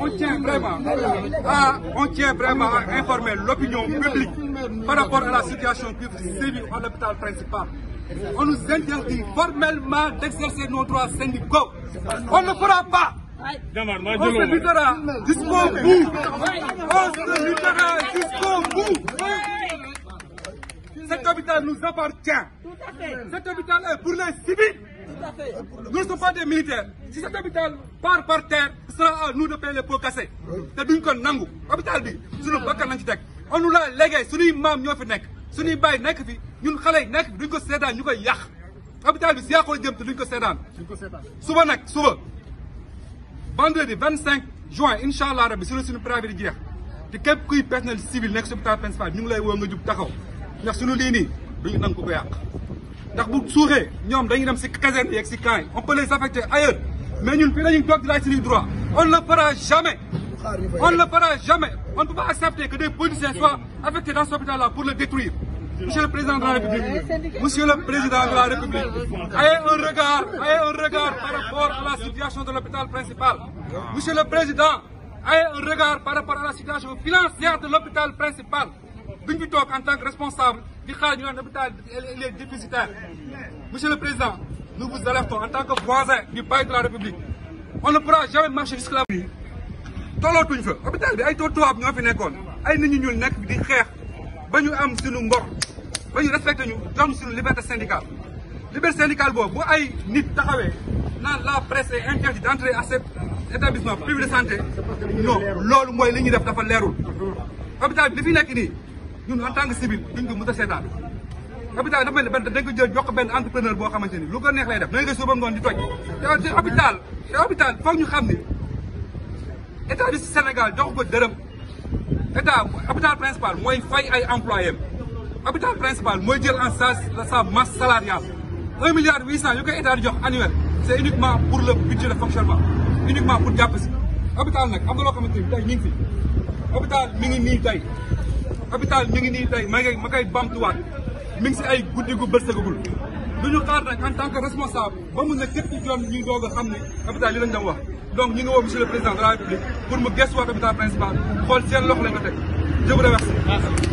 on tient vraiment à, on tient vraiment à informer l'opinion publique par rapport à la situation qui sévit à l'hôpital principal. On nous interdit formellement d'exercer nos droits syndicaux. On ne fera pas. On se luttera jusqu'au bout. On se luttera jusqu'au bout. Cet hôpital nous appartient. Cet hôpital est pour les civils. Nous ne sommes pas des militaires. Si cet hôpital part par terre, sera à nous de payer les pots cassés te duñ ko nangu hôpital bi suñu ci teg on nous l'a légué suñuy maam ñoo fi nekk suñuy bàyyi nekk fi ñun xale yi nekk fi ko seetaan ñu koy yàq hôpital bi si yàqoo jëm te duñ ko seetaan suba nag suba vendredi vingt cinq juin incha allah rabbi si la suñu préavis jeex te képp kuy personnel civil nekk si hôpital principal ñu ngi lay woo nga jub taxaw ndax suñu lii nii duñu nangu ko ko yàq ndax bu suuxee ñoom dañuy dem si caserne yeeg si camp yi on peut les ñun fii la ñuy toog di laaj suñuy droit On ne le fera jamais. On ne fera jamais. On ne peut accepter que des policiers soient affectés dans cet hôpital-là pour le détruire. Monsieur le Président de la République, Monsieur le Président de la République, un regard, par rapport à la situation de l'hôpital principal. Monsieur le Président, ayez un regard par rapport à la situation de l'hôpital principal. bu ñu en tant que responsable di xaar ñu naan hôpital il est déficitaire du palais de la république on ne pourra jamais marcher jusque là. tollootuñ fa hôpital bi ay taux tubaab ñoo fi nekkoon ay nit ñu ñuul nekk di xeex ba ñu am suñu ngor ba ñu respecté ñu jox suñu liberté syndicale. liberté syndicale boobu ay nit taxawee naan la presse est interdite d'entrer à cet établissement privé de santé non loolu mooy li ñuy def dafa leerul hôpital bi li fi nekk nii ñun en tant que civil duñ ko mën a seetaan. hôpital dafa mel ni benn dañ ko jël jox benn entrepreneur boo xamante ni lu ko neex lay def danga koy suba ngoon di toj te hôpital te hôpital foog ñu xam ni état du Sénégal jox ko dërëm état hôpital principal mooy fay ay employés hôpital principal mooy jël en charge sa masse salariale un milliard huit cent yu koy état di jox annuel c' uniquement pour le budget de fonctionnement uniquement pour jàpp si hôpital nag am na loo xamante ni tey ñu ngi fi hôpital ngi nii tey hôpital mi ngi nii tey ma mi ngi si ay guddi gu bërsëgagul du ñu xaar nag en responsable ba mun na képp ci yoon ñu doog a xam ne hôpital wax donc ñu ngi woo monsieur le président de la république pour mu principal xool seen loxo lañ ko teg je vous